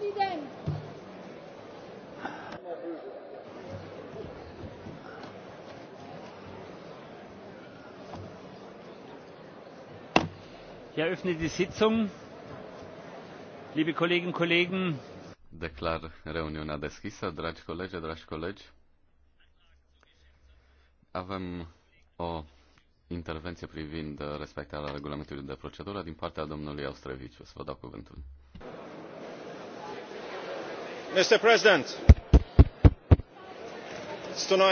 Präsident! Ich eröffne die Sitzung. Liebe Kolleginnen und Kollegen, Declar reuniunea deschisă, dragi colegi, dragi colegi. Avem o intervenție privind respectarea regulamentului de procedură din partea domnului Austreviciu. Să vă dau cuvântul mr president tonight